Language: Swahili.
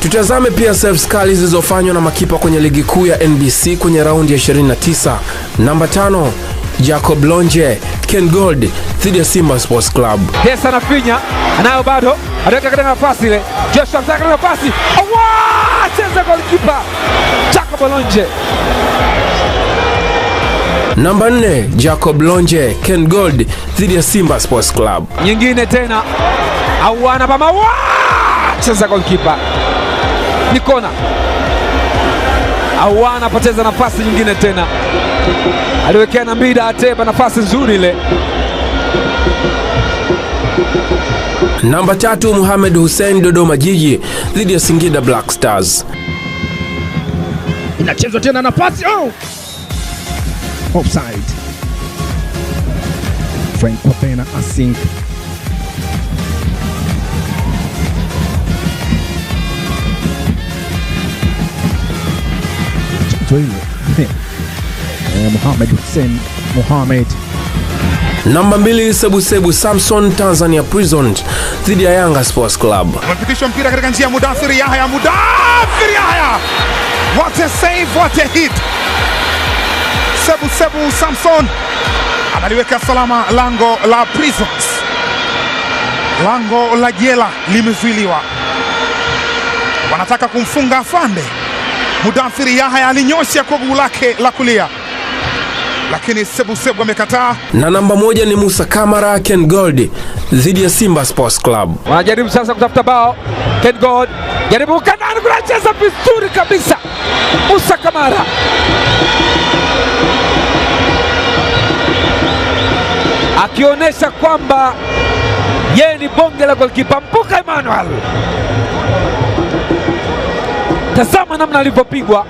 Tutazame pia saves kali zilizofanywa na makipa kwenye ligi kuu ya NBC kwenye raundi ya 29. Namba 5 Jacob Lonje, Ken Gold dhidi ya Simba Sports Club. Pesa na finya anayo bado, anaweka katika nafasi ile. Joshua Msaka katika nafasi. Cheza golikipa Jacob Lonje. Namba 4 Jacob Lonje, Ken Gold dhidi ya Simba Sports Club. Nyingine tena auana pama. Cheza golikipa ni kona. Ahoua anapoteza nafasi nyingine tena, aliwekea na mbida Ateba nafasi nzuri ile. Namba tatu muhamed Hussein Dodoma Jiji dhidi ya Singida Black Stars. Inachezwa tena nafasi oh! Offside. Frank Papena asink joto eh, Muhammad Hussein Muhammad Namba mbili Sebusebu Samson Tanzania Prison dhidi ya Yanga Sports Club. Amepitishwa mpira katika njia Mudathiri Yahya, Mudathiri Yahya, what a save, what a hit! Sebusebu Samson analiweka salama lango la Prisons, lango la jela limezuiliwa, wanataka kumfunga afande. Mudathiri Yahya alinyosha kwa guu lake la kulia lakini Sebu Sebu amekataa. Na namba moja ni Musa Kamara Ken Gold dhidi ya Simba Sports Club. Wanajaribu sasa kutafuta bao. Ken Gold jaribu kanani, kunacheza vizuri kabisa Musa Kamara akionyesha kwamba yeye ni bonge la golkipa. Mpuka Emmanuel Tazama namna alivyopigwa.